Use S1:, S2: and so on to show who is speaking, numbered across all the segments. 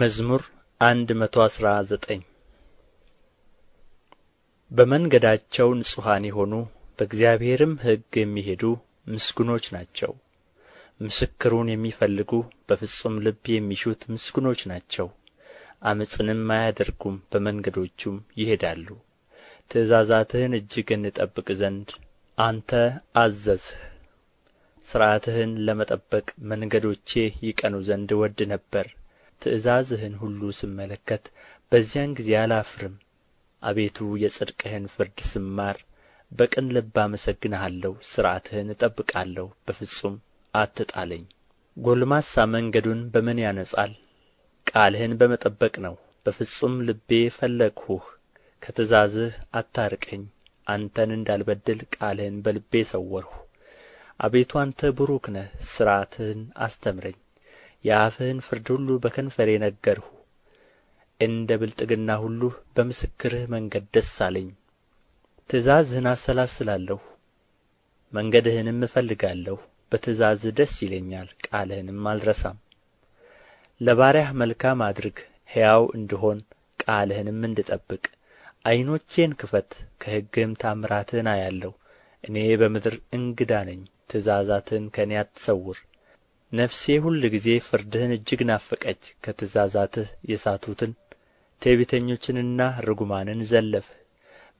S1: መዝሙር አንድ መቶ አስራ ዘጠኝ በመንገዳቸው ንጹሐን የሆኑ በእግዚአብሔርም ሕግ የሚሄዱ ምስጉኖች ናቸው። ምስክሩን የሚፈልጉ በፍጹም ልብ የሚሹት ምስጉኖች ናቸው። አመፅንም አያደርጉም፣ በመንገዶቹም ይሄዳሉ። ትእዛዛትህን እጅግ እንጠብቅ ዘንድ አንተ አዘዝህ። ሥርዓትህን ለመጠበቅ መንገዶቼ ይቀኑ ዘንድ እወድ ነበር። ትእዛዝህን ሁሉ ስመለከት በዚያን ጊዜ አላፍርም አቤቱ የጽድቅህን ፍርድ ስማር በቅን ልብ አመሰግንሃለሁ ሥርዓትህን እጠብቃለሁ በፍጹም አትጣለኝ ጎልማሳ መንገዱን በምን ያነጻል ቃልህን በመጠበቅ ነው በፍጹም ልቤ ፈለግሁህ ከትእዛዝህ አታርቀኝ አንተን እንዳልበድል ቃልህን በልቤ ሰወርሁ አቤቱ አንተ ብሩክ ነህ ሥርዓትህን አስተምረኝ የአፍህን ፍርድ ሁሉ በከንፈሬ ነገርሁ እንደ ብልጥግና ሁሉ በምስክርህ መንገድ ደስ አለኝ ትእዛዝህን አሰላስላለሁ መንገድህንም እፈልጋለሁ በትእዛዝህ ደስ ይለኛል ቃልህንም አልረሳም ለባሪያህ መልካም አድርግ ሕያው እንድሆን ቃልህንም እንድጠብቅ ዐይኖቼን ክፈት ከሕግህም ታምራትህን አያለሁ እኔ በምድር እንግዳ ነኝ ትእዛዛትህን ከእኔ አትሰውር ነፍሴ ጊዜ ፍርድህን እጅግ ናፈቀች። ከትእዛዛትህ የሳቱትን ትዕቢተኞችንና ርጉማንን ዘለፍህ።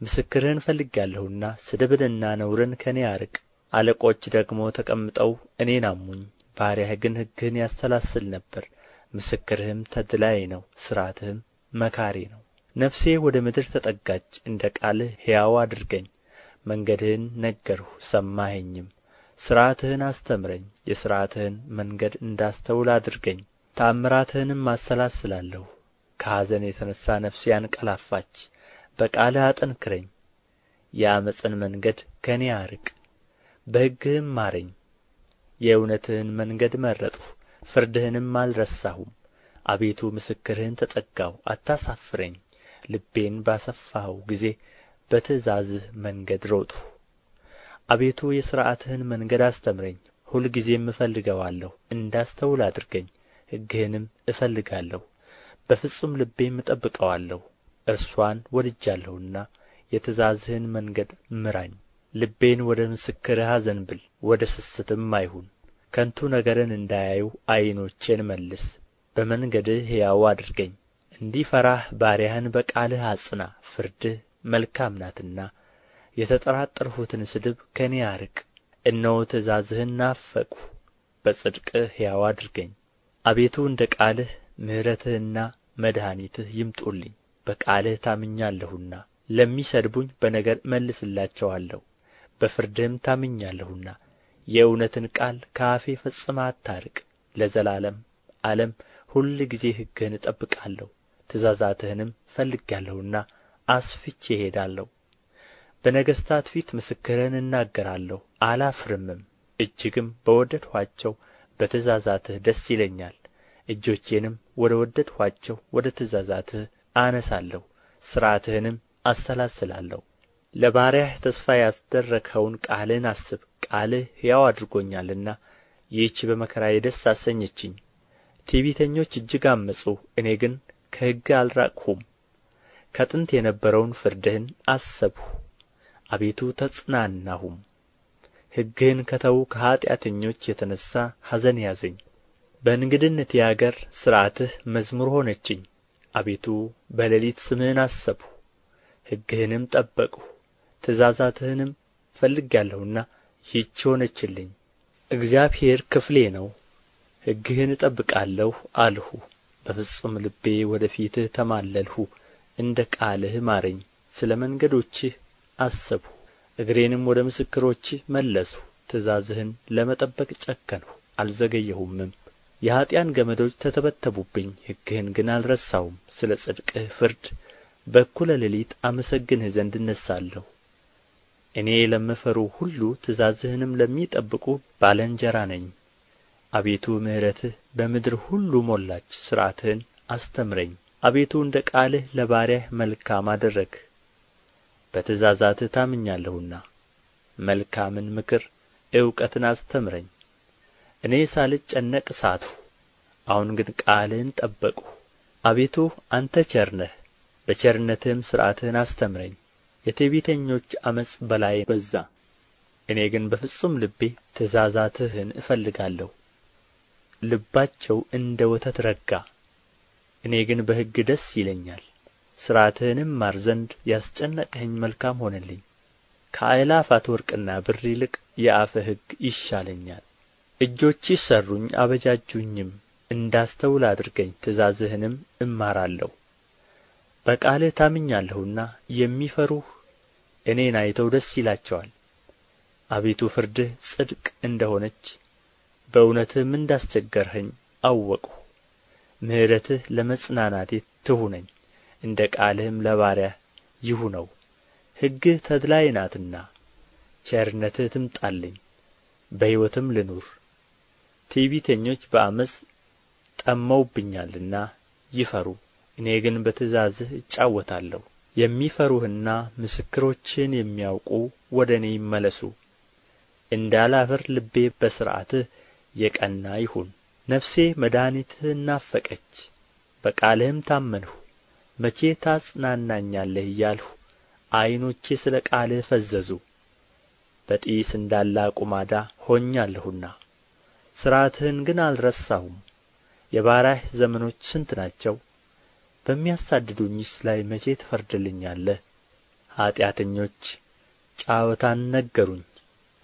S1: ምስክርህን ፈልጌአለሁና ስድብንና ነውርን ከእኔ አርቅ። አለቆች ደግሞ ተቀምጠው እኔ ናሙኝ፣ ባሪያህ ግን ሕግህን ያሰላስል ነበር። ምስክርህም ተድላዬ ነው፣ ሥርዓትህም መካሪ ነው። ነፍሴ ወደ ምድር ተጠጋች፣ እንደ ቃልህ ሕያው አድርገኝ። መንገድህን ነገርሁ ሰማኸኝም። ሥርዓትህን አስተምረኝ የሥርዓትህን መንገድ እንዳስተውል አድርገኝ ተአምራትህንም አሰላስላለሁ ከሐዘን የተነሣ ነፍሴ አንቀላፋች በቃልህ አጠንክረኝ የአመፅን መንገድ ከእኔ አርቅ በሕግህም ማረኝ የእውነትህን መንገድ መረጥሁ ፍርድህንም አልረሳሁም አቤቱ ምስክርህን ተጠጋሁ አታሳፍረኝ ልቤን ባሰፋኸው ጊዜ በትእዛዝህ መንገድ ሮጥሁ አቤቱ የሥርዓትህን መንገድ አስተምረኝ ሁልጊዜም እፈልገዋለሁ እንዳስተውል አድርገኝ ሕግህንም እፈልጋለሁ በፍጹም ልቤም እጠብቀዋለሁ እርስዋን ወድጃለሁና የትእዛዝህን መንገድ ምራኝ ልቤን ወደ ምስክርህ አዘንብል ወደ ስስትም አይሁን ከንቱ ነገርን እንዳያዩ ዐይኖቼን መልስ በመንገድህ ሕያው አድርገኝ እንዲፈራህ ባሪያህን በቃልህ አጽና ፍርድህ መልካም ናትና የተጠራጠርሁትን ስድብ ከእኔ አርቅ እነሆ ትእዛዝህን ናፈቅሁ በጽድቅህ ሕያው አድርገኝ አቤቱ እንደ ቃልህ ምሕረትህና መድኃኒትህ ይምጡልኝ በቃልህ ታምኛለሁና ለሚሰድቡኝ በነገር እመልስላቸዋለሁ በፍርድህም ታምኛለሁና የእውነትን ቃል ከአፌ ፈጽመህ አታርቅ ለዘላለም ዓለም ጊዜ ሕግህን እጠብቃለሁ ትእዛዛትህንም ፈልጌአለሁና አስፍቼ እሄዳለሁ በነገሥታት ፊት ምስክርህን እናገራለሁ አላፍርምም እጅግም በወደድኋቸው በትእዛዛትህ ደስ ይለኛል እጆቼንም ወደ ወደድኋቸው ወደ ትእዛዛትህ አነሳለሁ ሥርዓትህንም አሰላስላለሁ ለባሪያህ ተስፋ ያስደረግኸውን ቃልህን አስብ ቃልህ ሕያው አድርጎኛልና ይህች በመከራ የደስ አሰኘችኝ ትዕቢተኞች እጅግ አመፁ እኔ ግን ከሕግ አልራቅሁም ከጥንት የነበረውን ፍርድህን አሰብሁ አቤቱ ተጽናናሁም ሕግህን ከተዉ ከኃጢአተኞች የተነሣ ኀዘን ያዘኝ በእንግድነቴ አገር ሥርዓትህ መዝሙር ሆነችኝ አቤቱ በሌሊት ስምህን አሰብሁ ሕግህንም ጠበቅሁ ትእዛዛትህንም ፈልጌአለሁና ይህች ሆነችልኝ እግዚአብሔር ክፍሌ ነው ሕግህን እጠብቃለሁ አልሁ በፍጹም ልቤ ወደ ፊትህ ተማለልሁ እንደ ቃልህ ማረኝ ስለ መንገዶችህ አሰብሁ እግሬንም ወደ ምስክሮችህ መለስሁ ትእዛዝህን ለመጠበቅ ጨከንሁ አልዘገየሁምም የኀጢአን ገመዶች ተተበተቡብኝ ሕግህን ግን አልረሳሁም ስለ ጽድቅህ ፍርድ በኩለ ሌሊት አመሰግንህ ዘንድ እነሳለሁ። እኔ ለመፈሩ ሁሉ ትእዛዝህንም ለሚጠብቁ ባለንጀራ ነኝ አቤቱ ምሕረትህ በምድር ሁሉ ሞላች ሥርዓትህን አስተምረኝ አቤቱ እንደ ቃልህ ለባሪያህ መልካም አደረግህ በትእዛዛትህ ታምኛለሁና መልካምን ምክር እውቀትን አስተምረኝ እኔ ሳልጨነቅ ሳትሁ አሁን ግን ቃልህን ጠበቅሁ አቤቱ አንተ ቸር ነህ በቸርነትህም ሥርዓትህን አስተምረኝ የትዕቢተኞች ዓመፅ በላይ በዛ እኔ ግን በፍጹም ልቤ ትእዛዛትህን እፈልጋለሁ ልባቸው እንደ ወተት ረጋ እኔ ግን በሕግ ደስ ይለኛል ሥርዓትህንም እማር ዘንድ ያስጨነቅኸኝ መልካም ሆነልኝ ከአእላፋት ወርቅና ብር ይልቅ የአፍህ ሕግ ይሻለኛል እጆችህ ሠሩኝ አበጃጁኝም እንዳስተውል አድርገኝ ትእዛዝህንም እማራለሁ በቃልህ ታምኛለሁና የሚፈሩህ እኔን አይተው ደስ ይላቸዋል አቤቱ ፍርድህ ጽድቅ እንደሆነች በእውነትህም እንዳስቸገርኸኝ አወቅሁ ምሕረትህ ለመጽናናቴ ትሁነኝ እንደ ቃልህም ለባሪያህ ይሁነው ሕግህ ተድላዬ ናትና ቸርነትህ ትምጣልኝ በሕይወትም ልኑር ትዕቢተኞች በዓመፅ ጠመውብኛልና ይፈሩ እኔ ግን በትእዛዝህ እጫወታለሁ የሚፈሩህና ምስክሮችህን የሚያውቁ ወደ እኔ ይመለሱ እንዳላፍር ልቤ በሥርዓትህ የቀና ይሁን ነፍሴ መድኃኒትህን ናፈቀች በቃልህም ታመንሁ መቼ ታጽናናኛለህ እያልሁ ዐይኖቼ ስለ ቃልህ ፈዘዙ በጢስ እንዳለ አቁማዳ ሆኛለሁና ሥርዓትህን ግን አልረሳሁም የባሪያህ ዘመኖች ስንት ናቸው በሚያሳድዱኝስ ላይ መቼ ትፈርድልኛለህ ኀጢአተኞች ጫወታን ነገሩኝ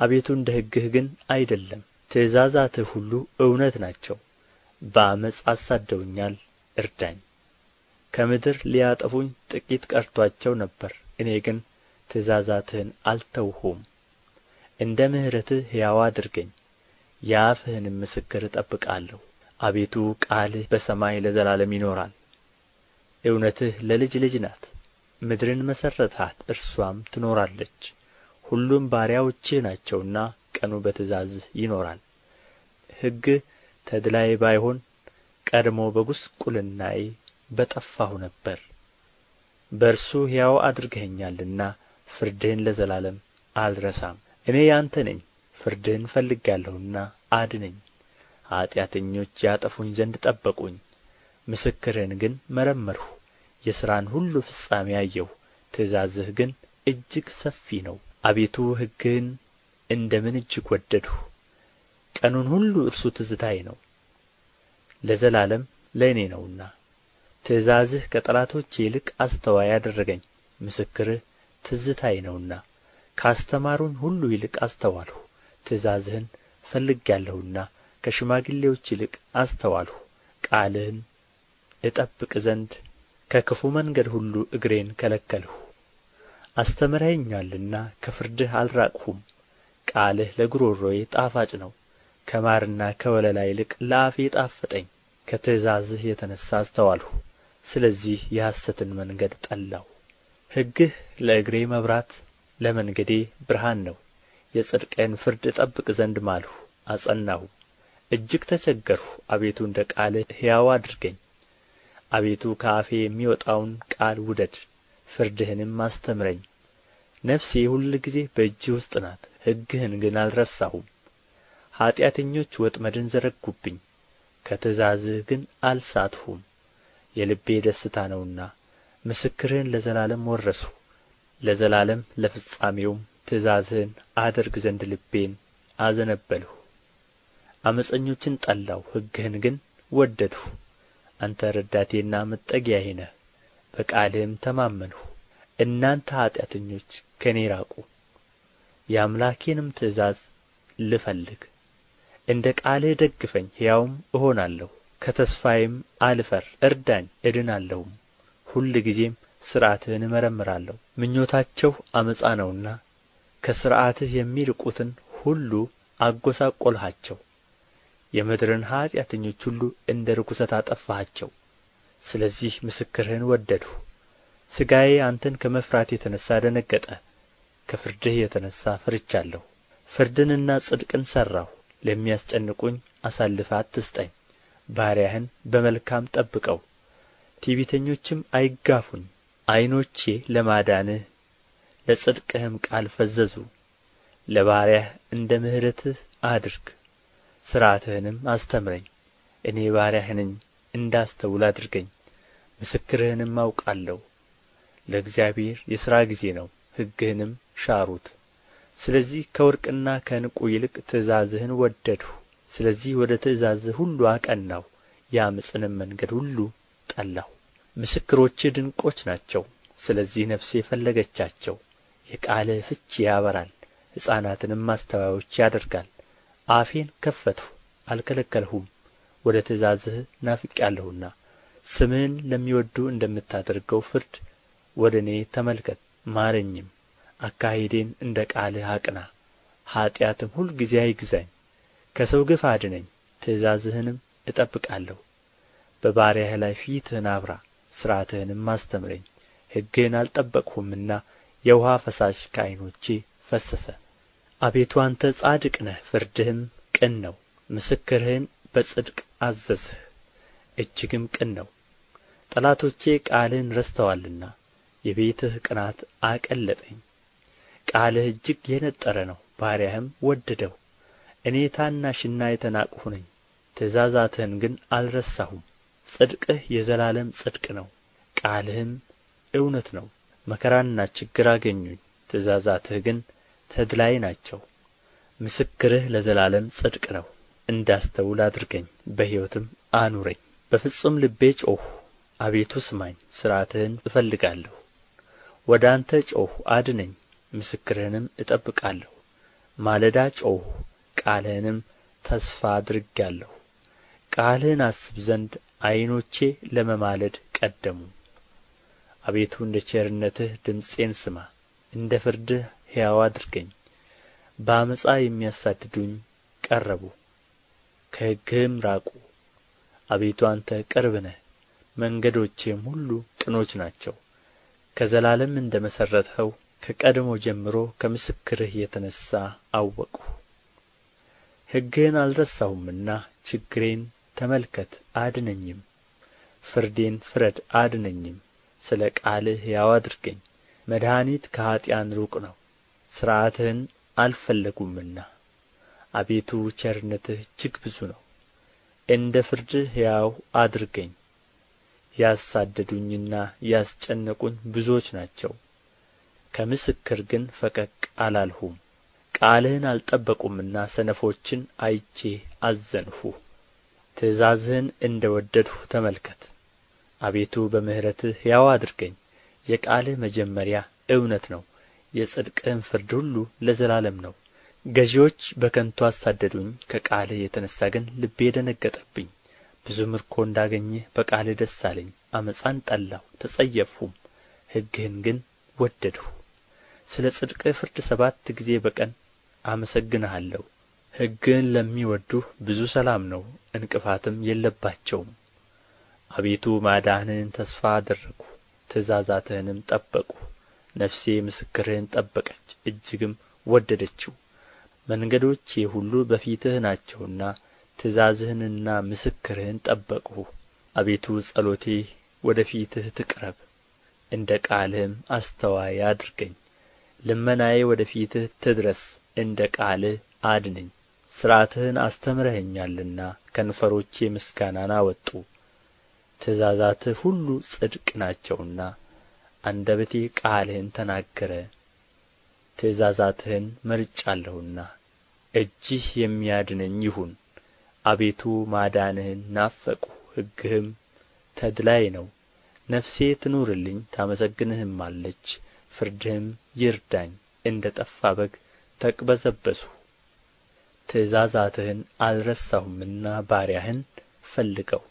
S1: አቤቱ እንደ ሕግህ ግን አይደለም ትእዛዛትህ ሁሉ እውነት ናቸው በአመፅ አሳደውኛል? እርዳኝ ከምድር ሊያጠፉኝ ጥቂት ቀርቶአቸው ነበር እኔ ግን ትእዛዛትህን አልተውሁም እንደ ምሕረትህ ሕያው አድርገኝ የአፍህንም ምስክር እጠብቃለሁ አቤቱ ቃልህ በሰማይ ለዘላለም ይኖራል እውነትህ ለልጅ ልጅ ናት ምድርን መሠረትሃት እርሷም ትኖራለች ሁሉም ባሪያዎችህ ናቸውና ቀኑ በትእዛዝህ ይኖራል ሕግህ ተድላይ ባይሆን ቀድሞ በጉስቁልናዬ በጠፋሁ ነበር በእርሱ ሕያው አድርገኸኛልና ፍርድህን ለዘላለም አልረሳም እኔ ያንተ ነኝ ፍርድህን ፈልጋለሁና አድነኝ ኃጢአተኞች ያጠፉኝ ዘንድ ጠበቁኝ ምስክርህን ግን መረመርሁ የሥራን ሁሉ ፍጻሜ አየሁ ትእዛዝህ ግን እጅግ ሰፊ ነው አቤቱ ሕግህን እንደ ምን እጅግ ወደድሁ ቀኑን ሁሉ እርሱ ትዝታዬ ነው ለዘላለም ለእኔ ነውና ትእዛዝህ ከጠላቶቼ ይልቅ አስተዋይ አደረገኝ ምስክርህ ትዝታዬ ነውና ካስተማሩኝ ሁሉ ይልቅ አስተዋልሁ ትእዛዝህን ፈልጌአለሁና ከሽማግሌዎች ይልቅ አስተዋልሁ ቃልህን እጠብቅ ዘንድ ከክፉ መንገድ ሁሉ እግሬን ከለከልሁ አስተምረኸኛልና ከፍርድህ አልራቅሁም ቃልህ ለጉሮሮዬ ጣፋጭ ነው ከማርና ከወለላ ይልቅ ለአፌ ጣፈጠኝ ከትእዛዝህ የተነሣ አስተዋልሁ ስለዚህ የሐሰትን መንገድ ጠላሁ ሕግህ ለእግሬ መብራት ለመንገዴ ብርሃን ነው የጽድቅን ፍርድ እጠብቅ ዘንድ ማልሁ አጸናሁ! እጅግ ተቸገርሁ አቤቱ እንደ ቃልህ ሕያው አድርገኝ አቤቱ ከአፌ የሚወጣውን ቃል ውደድ ፍርድህንም አስተምረኝ ነፍሴ ሁል ጊዜ በእጅህ ውስጥ ናት ሕግህን ግን አልረሳሁም ኀጢአተኞች ወጥመድን ዘረጉብኝ ከትእዛዝህ ግን አልሳትሁም የልቤ ደስታ ነውና ምስክርህን ለዘላለም ወረስሁ ለዘላለም ለፍጻሜውም ትእዛዝህን አደርግ ዘንድ ልቤን አዘነበልሁ አመፀኞችን ጠላሁ ሕግህን ግን ወደድሁ አንተ ረዳቴና መጠጊያዬ ነህ በቃልህም ተማመንሁ እናንተ ኀጢአተኞች ከእኔ ራቁ የአምላኬንም ትእዛዝ ልፈልግ እንደ ቃልህ ደግፈኝ ሕያውም እሆናለሁ ከተስፋዬም አልፈር እርዳኝ እድናለሁም ጊዜም ሥርዓትህን እመረምራለሁ ምኞታቸው ዓመፃ ነውና ከሥርዓትህ የሚርቁትን ሁሉ አጐሳቈልሃቸው የምድርን ኃጢአተኞች ሁሉ እንደ ርኵሰት አጠፋሃቸው ስለዚህ ምስክርህን ወደድሁ ሥጋዬ አንተን ከመፍራት የተነሣ ደነገጠ ከፍርድህ የተነሣ ፈርቻለሁ ፍርድንና ጽድቅን ሠራሁ ለሚያስጨንቁኝ አሳልፋት አትስጠኝ ባሪያህን በመልካም ጠብቀው ትዕቢተኞችም አይጋፉኝ ዓይኖቼ ለማዳንህ ለጽድቅህም ቃል ፈዘዙ ለባሪያህ እንደ ምሕረትህ አድርግ ሥርዓትህንም አስተምረኝ እኔ ባሪያህ ነኝ እንዳስተውል አድርገኝ ምስክርህንም አውቃለሁ ለእግዚአብሔር የሥራ ጊዜ ነው ሕግህንም ሻሩት ስለዚህ ከወርቅና ከንቁ ይልቅ ትእዛዝህን ወደድሁ ስለዚህ ወደ ትእዛዝህ ሁሉ አቀናሁ የዓመፅንም መንገድ ሁሉ ጠላሁ ምስክሮችህ ድንቆች ናቸው ስለዚህ ነፍሴ ፈለገቻቸው የቃልህ ፍቺ ያበራል ሕፃናትንም ማስተዋዮች ያደርጋል አፌን ከፈትሁ አልከለከልሁም ወደ ትእዛዝህ ናፍቄአለሁና ስምህን ለሚወዱ እንደምታደርገው ፍርድ ወደ እኔ ተመልከት ማረኝም አካሄዴን እንደ ቃልህ አቅና ኀጢአትም ሁልጊዜ አይግዛኝ ከሰው ግፍ አድነኝ ትእዛዝህንም እጠብቃለሁ በባሪያህ ላይ ፊትህን አብራ ሥርዓትህንም አስተምረኝ ሕግህን አልጠበቅሁምና የውሃ ፈሳሽ ከዐይኖቼ ፈሰሰ አቤቱ አንተ ጻድቅ ነህ ፍርድህም ቅን ነው ምስክርህን በጽድቅ አዘዝህ እጅግም ቅን ነው ጠላቶቼ ቃልህን ረስተዋልና የቤትህ ቅናት አቀለጠኝ ቃልህ እጅግ የነጠረ ነው ባሪያህም ወደደው እኔ ታናሽና የተናቅሁ ነኝ ትእዛዛትህን ግን አልረሳሁም ጽድቅህ የዘላለም ጽድቅ ነው ቃልህም እውነት ነው መከራና ችግር አገኙኝ ትእዛዛትህ ግን ተድላይ ናቸው ምስክርህ ለዘላለም ጽድቅ ነው እንዳስተውል አድርገኝ በሕይወትም አኑረኝ በፍጹም ልቤ ጮሁ አቤቱ ስማኝ ሥርዓትህን እፈልጋለሁ ወደ አንተ ጮኽሁ አድነኝ ምስክርህንም እጠብቃለሁ ማለዳ ጮኽሁ ቃልህንም ተስፋ አድርጌአለሁ ቃልህን አስብ ዘንድ አይኖቼ ለመማለድ ቀደሙ አቤቱ እንደ ቸርነትህ ድምፄን ስማ እንደ ፍርድህ ሕያው አድርገኝ በአመፃ የሚያሳድዱኝ ቀረቡ ከሕግህም ራቁ አቤቱ አንተ ቅርብ ነህ መንገዶችህም ሁሉ ቅኖች ናቸው ከዘላለም እንደ መሠረትኸው ከቀድሞ ጀምሮ ከምስክርህ የተነሣ አወቅሁ ሕግህን አልረሳሁምና ችግሬን ተመልከት አድነኝም ፍርዴን ፍረድ አድነኝም ስለ ቃልህ ሕያው አድርገኝ መድኃኒት ከኀጢአን ሩቅ ነው ሥርዓትህን አልፈለጉምና አቤቱ ቸርነትህ እጅግ ብዙ ነው እንደ ፍርድህ ሕያው አድርገኝ ያሳደዱኝና ያስጨነቁኝ ብዙዎች ናቸው ከምስክር ግን ፈቀቅ አላልሁም ቃልህን አልጠበቁምና ሰነፎችን አይቼ አዘንሁ። ትእዛዝህን እንደ ወደድሁ ተመልከት። አቤቱ በምሕረትህ ሕያው አድርገኝ። የቃልህ መጀመሪያ እውነት ነው፣ የጽድቅህን ፍርድ ሁሉ ለዘላለም ነው። ገዢዎች በከንቱ አሳደዱኝ፣ ከቃልህ የተነሣ ግን ልቤ ደነገጠብኝ። ብዙ ምርኮ እንዳገኘህ በቃልህ ደስ አለኝ። አመፃን ጠላሁ ተጸየፍሁም፣ ሕግህን ግን ወደድሁ። ስለ ጽድቅህ ፍርድ ሰባት ጊዜ በቀን አመሰግንሃለሁ ሕግህን ለሚወዱህ ብዙ ሰላም ነው እንቅፋትም የለባቸውም አቤቱ ማዳንህን ተስፋ አደረግሁ ትእዛዛትህንም ጠበቁ። ነፍሴ ምስክርህን ጠበቀች እጅግም ወደደችው መንገዶቼ ሁሉ በፊትህ ናቸውና ትእዛዝህንና ምስክርህን ጠበቅሁ አቤቱ ጸሎቴ ወደ ፊትህ ትቅረብ እንደ ቃልህም አስተዋይ አድርገኝ ልመናዬ ወደ ፊትህ ትድረስ እንደ ቃልህ አድነኝ ሥርዓትህን አስተምረኸኛልና ከንፈሮቼ ምስጋናን አወጡ ትእዛዛትህ ሁሉ ጽድቅ ናቸውና አንደበቴ ቃልህን ተናገረ ትእዛዛትህን መርጫለሁና እጅህ የሚያድነኝ ይሁን አቤቱ ማዳንህን ናፈቁ ሕግህም ተድላይ ነው ነፍሴ ትኑርልኝ ታመሰግንህማለች ፍርድህም ይርዳኝ እንደ ጠፋ በግ ተቅበዘበዝሁ ትእዛዛትህን አልረሳሁምና ባሪያህን ፈልገው